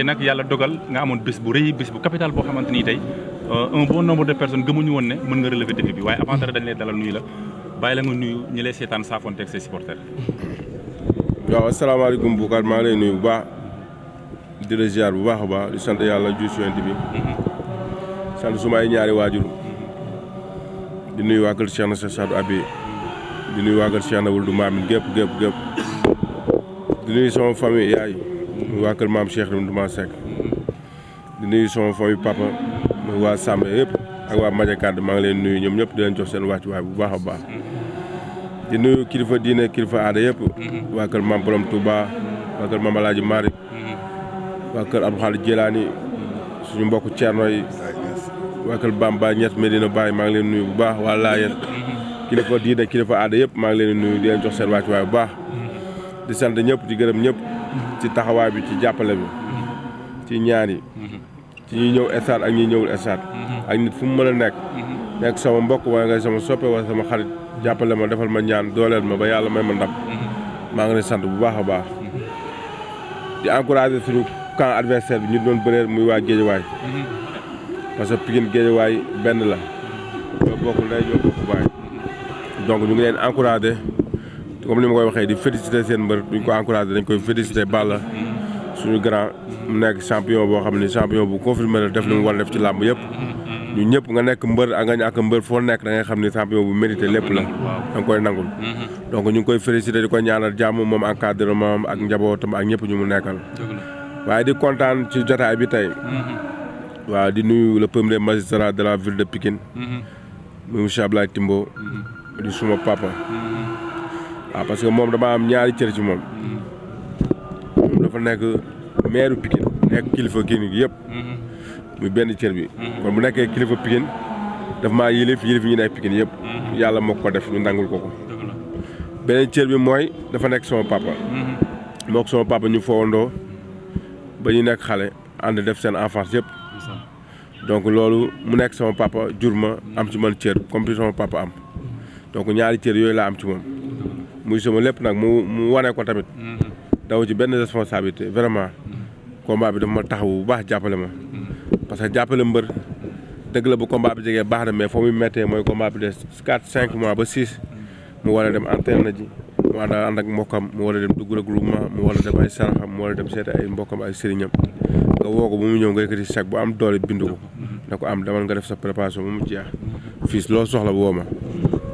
tey nag yàlla dogal nga amoon bés bu rëy bés bu capital boo xamante ni tey euh, un bon nombre de personnes gëmuñu woon ne mën nga relever défi bi waaye avant dara dañ lay dalal nuyu la bàyyi la nga nuyu ñi lay seetaan saafonteeg say supporters. waaw asalaamaaleykum Boucar maa ngi lay nuyu bu baax di bu baax a baax di sant yàlla ju suwent bi sant sumay ñaari waajur di nuyu waa kër Cheikh na Cheikh di nuyu waa kër Cheikh na wul gépp gépp gépp sama famille yaay waa kër maam Cheikh Ndouma Seck di nuyu sama papa muy waa Samb yëpp ak waa Majakad maa ngi leen nuyu ñoom ñëpp di leen jox seen wàccuwaay bu baax a baax di nuyu kilifa diine kilifa aada yëpp waa kër maam Borom Touba waa kër maam Alaaji Mari waa kër Abdou Khadir Jilaani suñu mbokk Ceerno yi waa kër Bamba ñett Medina Baye maa ngi leen nuyu bu baax waa Laayeen kilifa diine kilifa aada yëpp maa ngi leen nuyu di leen jox seen wàccuwaay bu baax di sant ñëpp di gërëm ñëpp ci taxawaay bi ci jàppale bi ci ñaar ci ñi ñëw stade ak ñi ñëwul stade ak nit fu mu mën a nekk nekk sama mbokk wala nga sama soppe wala sama xarit jàppale ma defal ma ñaan dooleel ma ba yàlla may ma ndam maa ngi lay sant bu baax a baax di encouragé suñu camp adversaire bi ñu doon bëreer muy waa Géejawaay parce que Pikine Géejawaay benn la ñoo bokk lay ñoo ñu ngi leen encouragé comme ni ma koy waxee di féliciter seen mbër duñ ko encourager dañ koy féliciter Balla suñu grand mu nekk champion boo xam ne champion bu confirmé la def li mu war def ci làmb yëpp ñu ñëpp nga nekk mbër a nga ñàkk mbër foo nekk da ngay xam ni champion bu mérité lépp la da nga koy nangul donc ñu ngi koy féliciter di ko ñaanal jàmm moom encadrement am ak njabootam ak ñëpp ñu mu nekkal waaye di kontaan ci jotaay bi tey waaw di nuyu le premier magistrat de la ville de Pikine muy monsieur Ablaye Timbo waaw ah, parce que moom dama am ñaari cër ci moom. moom dafa nekk maire Pikine nekk kilifa Pikine gi yëpp. muy benn cër bi. kon bu nekkee kilifa Pikine daf maa yilif yilif ñu nekk Pikine yëpp. yàlla moo ko def ñu nangul ko ko. beneen cër bi mooy dafa nekk sama papa. mook sama papa ñu fowandoo ba ñu nekk xale ànd def seen enfance yëpp. donc loolu mu nekk sama papa jur ma am ci man cër comme sama papa am donc ñaari cër yooyu laa am ci moom. muy sama lépp nag mu mu wane ko tamit. Mm-hmm. daw ci benn responsabilité vraiment. Mm-hmm. combat bi dafa ma taxaw bu baax jàppale ma. Mm-hmm. parce que jàppale mbër dëgg la bu combat bi jegee baax mais foo muy mooy combat bi des quatre cinq mois ba six. mu war dem antenne na ji mu ànd ak mbokkam mu war a dem dugg regroupement mu war a dem ay saraxam mu war a dem seeti ay mbokkam ay sëriñam nga woo ko ba mu ñëw nga yëkkati sac bu am doole bind ko. da ko am demal nga def sa préparation ba mu jeex. fii loo soxla woo ma.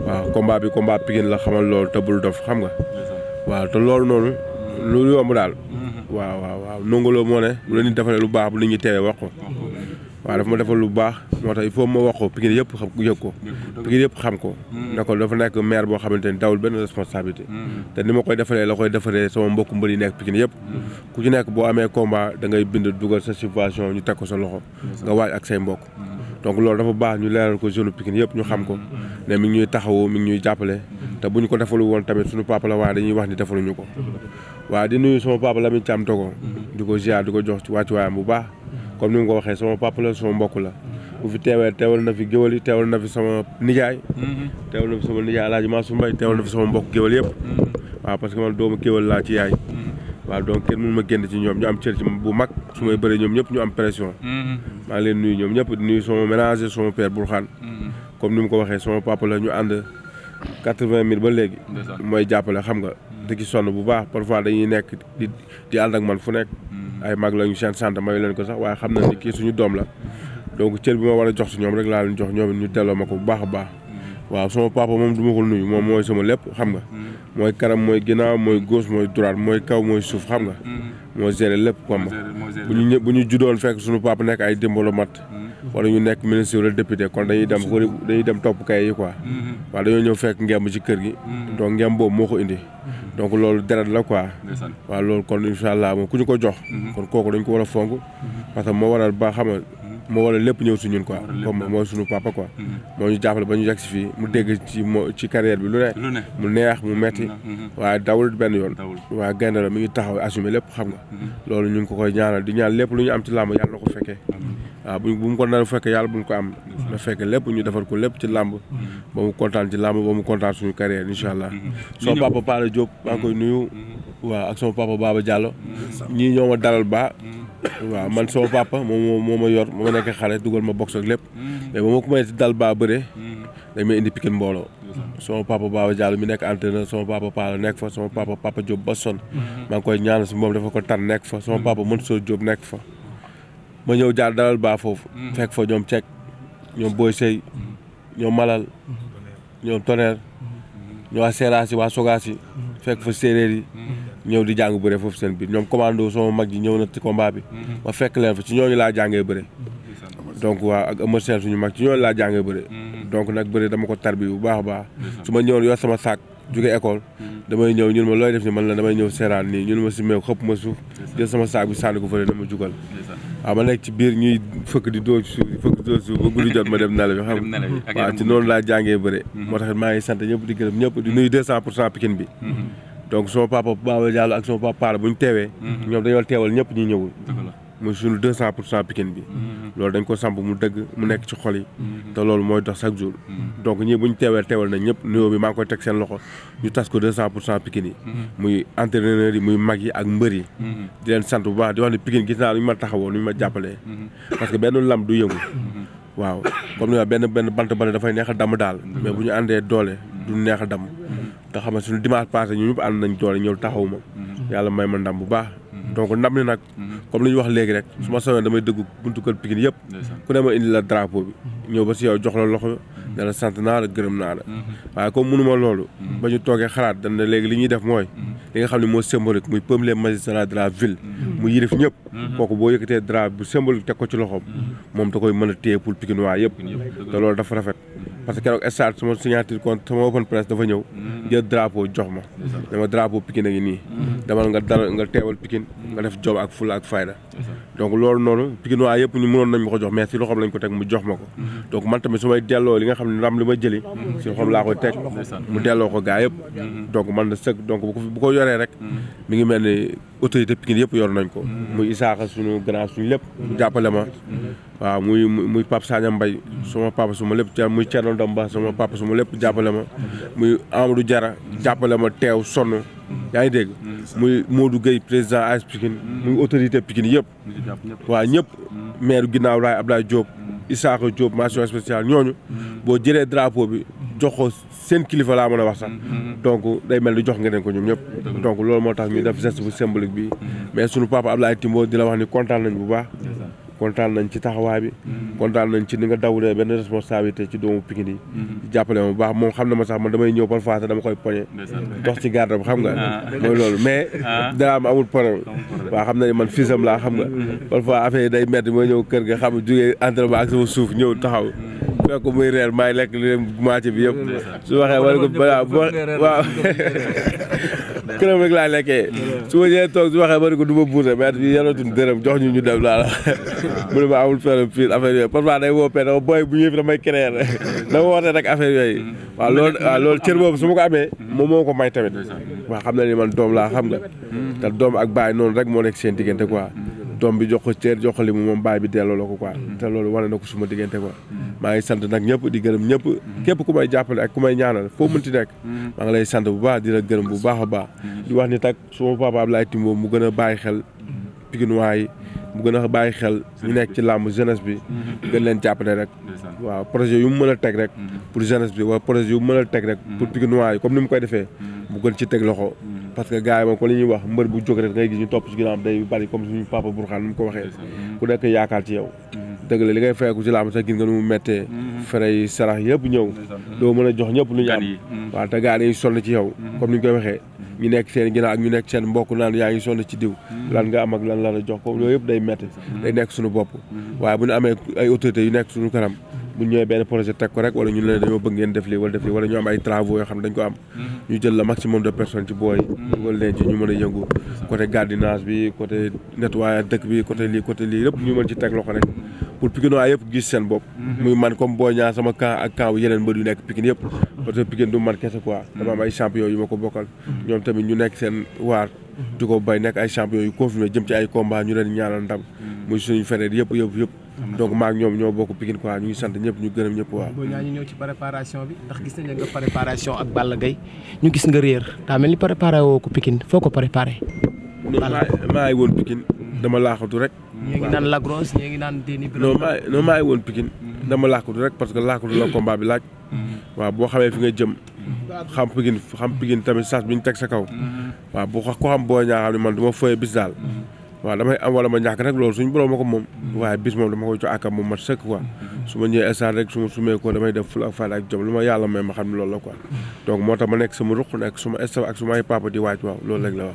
waaw combat bi combat Pikine la xamal loolu te bul dof xam nga. waaw te loolu noonu. lu yomb daal. waaw waaw waaw Ndongo Lo moo ne bu la nit defalee lu baax bu nit ñi teewee wax ko. waaw dafa ma defal lu baax moo tax il faut ma wax ko Pikine yëpp xam yëg ko. Pikine yëpp xam ko. ne ko dafa nekk maire boo xamante ni dawul benn responsabilité. te ni ma koy defalee la koy defaree sama mbokku mbër yi nekk Pikine yëpp. ku ci nekk boo amee combat da ngay bind dugal sa situation ñu teg ko sa loxo. nga waaj ak say mbokk. donc loolu dafa baax ñu leeral ko jeune Pikine yëpp ñu xam ko mm-hmm. ne mi ñuy taxawu mi ngi ñuy jàppale mm-hmm. te bu ñu ko defalu woon tamit suñu papa la waaye dañuy wax ni defaluñu ko waaw di nuyu sama papa Lamine Thiam Togo mm-hmm. di ko ziar di ko jox ci wàccuwaayam bu baax comme ni nga ko waxee sama papa la mbokk la bu fi teewee teewal na fi géwal yi teewal na fi sama nijaay teewal na fi sama nijaay Alaaji Mansour Mbaye teewal na fi sama mbokk géwal yëpp waaw parce que man doomu géwal laa ci yaay waaw donc kenn mënu ma génn ci ñoom ñu am cër ci bu mag su may bëree ñoom ñëpp ñu am pression. Mm-hmm. maa leen nuyu ñoom ñëpp di nuyu sama ménager sama père Bourkhane. Mm-hmm. comme ni mu ko waxee sama papa la ñu ànd quatre-vingt mille ba léegi. mooy jàppale xam nga. Mm-hmm. di ci sonn bu baax parfois dañuy nekk di di ànd ak man fu nekk. ay mag lañu ñu seen sant mayu leen ko sax waaye xam na ni kii suñu doom la donc cër bi ma war a jox si ñoom rek laa leen jox ñoom ñu delloo ma ko bu baax a baax. waaw sama papa moom du ma ko nuyu moom mooy sama lépp xam nga. Hmm. mooy kanam mooy ginnaaw mooy gauche mooy droite mooy kaw mooy suuf xam nga. Hmm. moo gérer lépp xam nga bu ñu ñë bu ñu juddoon fekk suñu papa nekk ay dimbalu mat. Hmm. wala ñu nekk ministre wala député kon dañuy dem dañuy dem topp kay yi quoi. waaw dañoo ñëw fekk ngemb ci kër gi. donc ngemb moo ko indi. donc loolu deret la quoi. waa loolu kon incha allah moom ku ñu ko jox. kon kooku dañ ko war a fonk. parce que moo waral ba xam nga moo wala lépp ñëw su ñun quoi comme mooy suñu papa quoi mm-hmm. moo ñu ba ñu yegg si fii mu dégg ci mo ci carrière bi lu ne mu neex mu metti mm-hmm. Mm-hmm. waaye dawul benn yoon waaye gaynde la mi ngi taxaw assumé lépp xam nga loolu ñu ngi ko koy ñaanal di ñaan lépp lu ñu am ci làmb yàlla na ko fekkee waaw bu bu mu ko nar fekkee yàlla bu mu ko am na fekk lépp ñu defar ko lépp ci làmb ba mu kontaan ci làmb ba mu kontaan suñu carrière incha allah soo papa Pala Diop maa ngi koy nuyu waaw ak sama papa Baba Diallo ñii ñoo ma ba waaw man sama papa moom moo ma yor ma nekk xale dugal ma box ak lépp. Mm-hmm. mais ba ma commencé dal baa bëre. Mm-hmm. dañ may indi pikin mbooloo. Mm-hmm. sama papa Baba Diallo mi nekk entraîneur sama papa Paala nekk fa sama papa Papa Diop ba son maa ngi koy ñaanal si moom dafa ko tar nekk fa sama papa Mansour Diop nekk fa. ma ñëw jaar dalal baa foofu. fekk fa ñoom Cek ñoom Boy Sey ñoom Malal ñoom Tonnerre ñoo waa Seeraas yi waa Sogaas fekk fa séeréer ñëw di jàng bëre foofu seen biir ñoom commando sama mag ji ñëw na ci combat bi. Mhm. ma fekk leen fa ci ñooñu laa jàngee bëre. Mhm. donc waaw ak Eumeu Sène suñu mag ci ñooñu laa jàngee bëre. Mhm. donc nag bëre dama ko tarbi bu baax a baax. su ma ñëwoon sama saak jóge école. damay ñëw ñun ma looy ni man la damay ñëw seeraan nii ñun ma si meew xëpp ma suuf. ko fële na ma jugal. waaw ma nekk biir ñuy fëkk di di fëkk di dem nale bi xam waaw ci noonu laa jàngee bëre moo tax maa ngi sant ñëpp di gërëm ñëpp di nuyu deux cent pour cent Pikine bi donc sama papa Baba Diallo ak sama papa Paal bu ñu teewee. Mhm. ñoom dañoo teewal ñëpp ñi ñëwul. mu suñu deux cent pour cent Pikine bi. Mhm. loolu dañ ko samp mu dëgg mu nekk ci xol yi. Mhm. te loolu mooy dox chaque jour. donc ñii bu ñu teewee teewal nañ ñëpp nuyoo bi maa ngi koy teg seen ñu tas ko deux cent yi. muy entraîneur yi muy mag yi ak mbër yi. di leen sant bu baax di wax ne Pikine gis naa nu ñu ma taxawoo nu ñu ma jàppalee. parce que benn lam du yëngu. waaw comme ni benn benn bant bale dafay neex a damm daal. mais bu ñu àndee doole du neex a damm. te xam ne suñu dimanche passé ñu ñëpp ànd nañ doole ñëw taxaw ma mm-hmm. yàlla may ma ndam bu baax mm-hmm. donc ndam li nag mm-hmm. comme li ñu wax léegi rek su ma soobee damay dëgg buntu kër Pikine yëpp ku ne ma indi la drapeau bi ñëw ba si yow jox la loxo ne la sant naa gërëm naa waaye comme mënuma loolu ba ñu toogee xalaat dañ ne léegi li ñuy def mooy li nga xam ne moo symbolique muy premier magistrat de la ville mu yilif ñëpp kooku boo yëkkatee drapeau bu symbolique teg ko ci loxoom moom da koy mën a parce que keroog stade sama signature contre sama open press dafa ñëw. Mm. jël drapeau jox ma. dama drapeau Pikine a nii. Mm. dama nga dara nga teewal Pikine. nga def job ak fula ak fayda. donc loolu noonu Pikine waa yëpp ñu mënoon nañ ma ko jox mais si loxoom lañ ko teg mu jox ma ko. Mm-hmm. donc man tamit su may delloo li nga xam ne ndam li ma jëli. Mm-hmm. si loxoom laa teg mu delloo ko gaa yëpp. Mm-hmm. donc man na sëg donc bu ko yoree rek. mi ngi mel ni autorité Pikine yëpp yor nañ ko. muy Isaaxa suñu grand suñu lépp. jàppale ma. waaw muy muy Pape Sagna mbay sama papa suma lépp ca muy Thierno Domba sama papa suma lépp jàppale ma muy Amadou jara jàppale ma teew sonn yaa ngi dégg muy Modou Gueye président AS Pikine muy autorité Pikine yëpp waaw ñëpp maire ginnaaw laay Abdoulaye Diop Issaaka Diop mention spéciale ñooñu boo jëlee drapeau bi jox ko seen kilifa laa mën a wax sax donc day mel ni jox ngeen ko ñu ñëpp donc loolu moo tax ñu def geste bu symbolique bi mais sunu papa Abdoulaye Timbo di la wax ni kontaan nañ bu baax kontaan nañ ci taxawaay bi. kontaan nañ ci ni nga dawlee benn responsabilité ci doomu Pikine yi. jàppale ma bu baax moom xam na ma sax man damay ñëw parfois sax dama koy poñe. dox ci garde bi xam nga. mooy loolu mais. dara am amul problème. waa xam na man fisam laa xam nga. parfois affaire yi day metti mooy ñëw kër ga xam entre entraînement ak sama suuf ñëw taxaw. fekk muy reer maay lekk li leen moitié bi yëpp. su waxee a ko balaa waaw. këram rek laa nekkee su ma ñëwee toog su waxee ma ne ko du ma buuse mais ñu yaratuñ jox ñu ñu dem laa mu ne ma amul fenn fii affaire yooyu day woopee dama booy bu ñëwee fi damay créer dama woote rek affaire yooyu mm. waa loolu mm. waaw loolu cër boobu su ma ko amee mm. moom moo ko may tamit waaw xam na ni man doom laa xam nga te doom ak baay noonu rek moo nekk seen diggante quoi doom bi jox ko cër jox ko li mu moom baay bi delloo la ko quoi te loolu wane na ko suma diggante ko maa ngi sant nag ñëpp di gërëm ñëpp mhm. képp ku may jàppale ak ku may ñaanal foo mënti nekk mhm. maa ngi lay sant bu baax di la gërëm bu baax a baax mhm. di wax ni tak suma papa Abdoulaye Timbo mu gën a bàyyi xel Pikinois yi mu gën a bàyyi xel ñu nekk ci làmb jeunesse bi gën leen jàppale rek waaw projet yu mu mën a teg rek pour jeunesse bi a teg rek pour Pikinois yi comme ni mu koy defee mu gën ci teg loxo parce que gars yi ko li wax mbër bu jóg rek ngay gis ñu topp ci ginnaaw day bari ko waxee ku nekk yaakaar ci yow dëgg li ngay feeku ci làmb sax gis nga nu mu méttee mhm. fere yi sarax yëpp ñëw mhm. doo mën a jox ñëpp lu ñu am mhm. waaw te gaa yi sonn ci yow comme ni koy waxee ñu nekk seen ginnaaw ak ñu nekk seen mbokk naan yaa ngi sonn ci diw am ak lan la la jox ko yëpp day métti day nekk suñu bopp waaye bu ñu amee ay autorités yu nekk suñu karam bu ñu ñëwee benn projet teg ko rek wala ñu ne dañoo bëgg ngeen def lii wala def lii wala ñu am ay travaux yoo xam ne dañ ko am ñu jël la maximum de personnes ci booy dugal leen ci ñu mën a yëngu côté gardiennage bi côté nettoyage dëkk bi côté lii côté lii yëpp ñu mën ci teg loxo rek pour Pikinois yëpp gis seen bopp. Mhm. muy man comme Boy Niang sama camp ak camp yeneen mbër yu nekk Pikine yëpp. Mhm. parce que Pikine du man kese quoi. Mhm. ñu nekk seen waar. di yu confirmé jëm ci ay combat ñu leen ñaanal ndam. muy yëpp yëpp yëpp. donc maa ngi ñoom ñoo bokk Pikine quoi ñu ngi sant ñëpp ñëpp ñu ñëw ci préparation bi ndax gis nañ nga préparation ak Balla Gaye ñu gis nga réer daa mel ni préparé woo ko ko préparé. Balla maa ngi woon Pikine dama laaxatu rek ñii ngi naan Lagros ñii ngi naan Déni. non maa non maa ngi woon Pikine. Mm-hmm. dama làkkatu rek parce que làkkatu la combat bi laaj. Mm-hmm. waaw boo xamee fi nga jëm. Mm-hmm. xam Pikine xam Pikine tamit sas bi ñu teg sa kaw. waaw bu ko xam boo ñaaxam ne man du ma fooyee bis daal. waaw damay am wala ma ñàkk rek loolu suñu borom ma ko moom mm-hmm. waaye bis moom dama koy jox àkkam moom mat sëkk quoi mm-hmm. su ma ñëwee stade su ma sumee damay def ful ak faayda ak jom yàlla may ma xam ne loolu la quoi mm-hmm. moo tax ma nekk sama ruq nekk suma staf ak sumay papa di waaj waaw loolu rek la waaw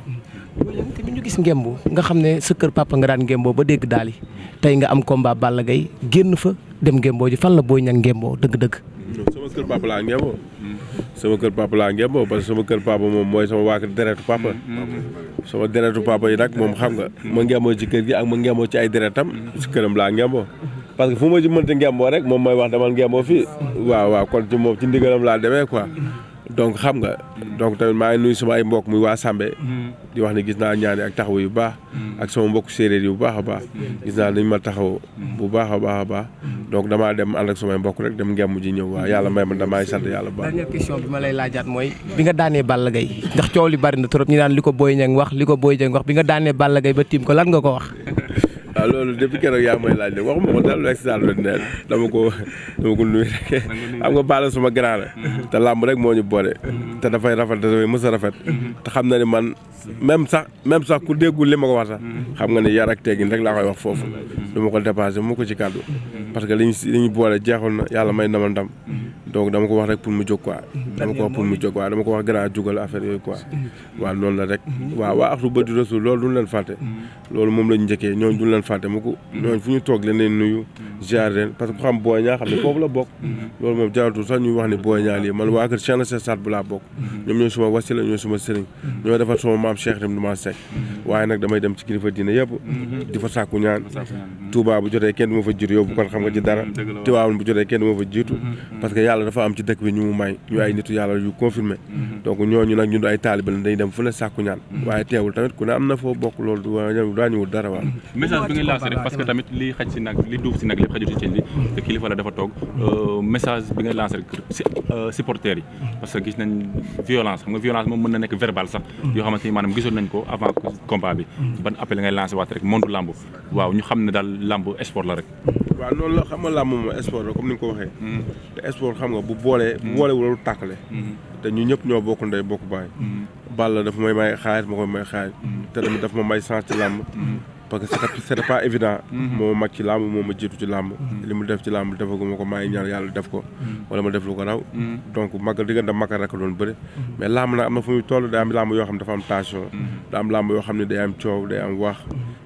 te ñu gis ngemb nga xam ne sa kër papa nga daan ngemboo ba dégg daal yi tey nga am combat Balla gay génn fa dem ngemboo ji fan la booy ñag ngemboo dëgg-dëgg sama kër papa laa ngemboo sama kër papa laa ngemboo parce que sama kër papa moom mooy sama waa kër deretu papa. Mm, mm, mm, sama deretu papa yi nag moom xam nga. ma ngemboo ci kër gi ak ma ngemboo ci ay deretam. si këram laa ngemboo. parce que fu ma ci mënti ngemboo rek moom mooy wax demal ngemboo fii. waaw waaw kon ci moom ci ndigalam laa demee quoi. donc xam nga. donc tamit maa ngi nuyu sama ay mbokk muy waa Sambé. Hmm. di wax ne gis naa ñaani ak taxaw yu baax. Hmm. ak sama mbokk séeréer yu baax a baax. Hmm. gis naa dañ ma taxaw bu baax a baax a baax. donc damaa dem ànd ak samay mbokk rek dem ngemm ji ñëw waa yàlla may ma damaay sant yàlla bu baax. dernière bi ma lay laajaat mooy. bi nga daanee Balla Gaye ndax coow li bari na trop ñu naan li ko Boy Niang wax li ko booy Niang wax bi nga daanee Balla Gaye ba tiim ko lan nga ko wax. waaw loolu depuis keroog yaa may laaj de waxuma ko dal ko dama ko nuyu rek xam nga baala suma grand la mhm. te làmb rek moo ñu boole mhm. te dafay rafet te dafay mës a rafet mhm. xam na ne man même sax même sax ku déggul li ma ko wax sax xam nga ne yar ak teggin rek laa koy wax foofu du ma ko dépassé mu ko ci kàddu parce que li ñu boole jeexul na yàlla may nama ndam donc dama ko wax rek pour mu jóg quoi ko wax pour ko wax grand jugal affaire yooyu quoi waaw la rek waaw waa axlu badi rasul loolu duñ leen fàtte loolu moom lañ njëkkee ñooñu duñ leen leen fàtte mu ko ñooñ fu ñu toog leen leen nuyu ziar leen parce que ku xam Boy Niang xam ne foofu la bokk loolu moom jaratul sax ñu wax ne Boy Niang lii man waa kër Cheikh na Cheikh Saat bu laa bokk ñoom ñooy suma wasila ñooy suma sëriñ ñoo defar suma maam Cheikh Ibrahima Seck waaye nag damay dem ci kilifa diine yëpp di fa sàkku ñaan Touba bu jotee kenn du ma fa jiitu yow bu kon xam nga ci dara mm-hmm. Tiwaawan bu jotee kenn du ma fa jiitu mm-hmm. parce que yàlla dafa am ci dëkk bi ñu mu may ñu ay mm-hmm. nitu yàlla yu confirmé donc ñooñu nag ñun ay taalibe la dem fu ne sàkku ñaan waaye teewul tamit ku ne am na foo bokk loolu du daañuwul dara waaw message bi ngay euh, lancé rek si nag euh, yi parce que gis nañ violence xam nga violence moom mën na nekk verbal sax yoo xamante ni maanaam gisoon nañ ko lamb sport la rek. waaw loolu la xam nga làmb moom sport la comme ni nga ko waxee. Mm. te sport xam nga bu boolee. bu mm. boolewul lu tàkkale. Mm. te ñu ñëpp ñoo bokk ndey bokk baay. Balla dafa may may ma koy may xaalis. te tamit dafa ma may chance ci làmb. parce que c'était pas évident mm-hmm. moo mag ci làmb ci làmb mm-hmm. li mu def ci làmb defagu ma ko maa ngi yàlla def ko mm-hmm. wala ma def lu ko raw donc magal diggante magal rek doon bëri mais làmb nag am na fu muy toll day am làmb yoo xam ne dafa am tension day am làmb yoo xam ne day am coow day am wax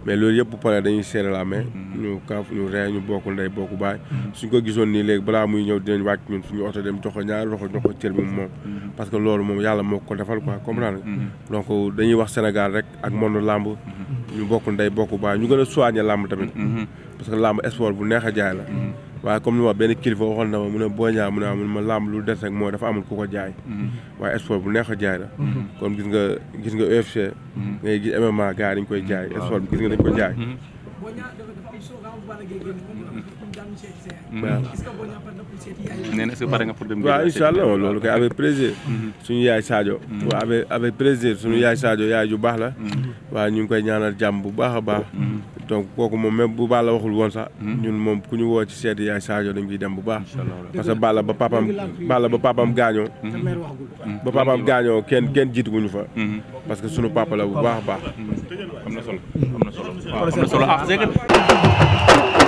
mais loolu yëpp bu paree dañuy serré la main mm-hmm. ñu kaaf ñu ree ñu bokk ndey bokk baay mm-hmm. suñ ko gisoon nii léegi balaa muy ñëw dinañ wàcc ñun suñu oto dem jox ko ñaari loxo jox ko cër bi moom mm-hmm. parce que loolu moom yàlla moo ko defal quoi comprendre donc dañuy wax Sénégal rek ak monde làmb ñu bokk ndey bokk baay ñu gën a soigné làmb tamit parce que làmb sport bu neex a jaay la waaye comme ni ma benn kilifa waxoon na ma mu ne Boy Niang mu ne amul ma làmb lu des moo mooy dafa amul ku ko jaay. Mm-hmm. waaye sport bu neex a jaay la. Mm-hmm. kon gis nga gis nga UFC. Mm-hmm. ngay gis dañ koy jaay. sport bi gis nga dañ ko jaay. nee na pour dem. waaw incha allah loolu koy avec plaisir. suñu yaay saajo waaw avec avec suñu yaay saajo yaay ju baax la. waaw ñu ngi koy ñaanal jàmm bu baax a baax. donc kooku moom même bu Balla waxul woon sax. Hmm. ñun moom ku ñu woo ci seeti yaay Sadio dañ ciy dem bu baax. parce que Balla ba papam Balla ba papam gaañoo. Hmm. Hmm. ba papam gaañoo kenn kenn jiituwuñu fa. parce que suñu papa la bu baax a baax. am na solo am na solo waaw am solo ah,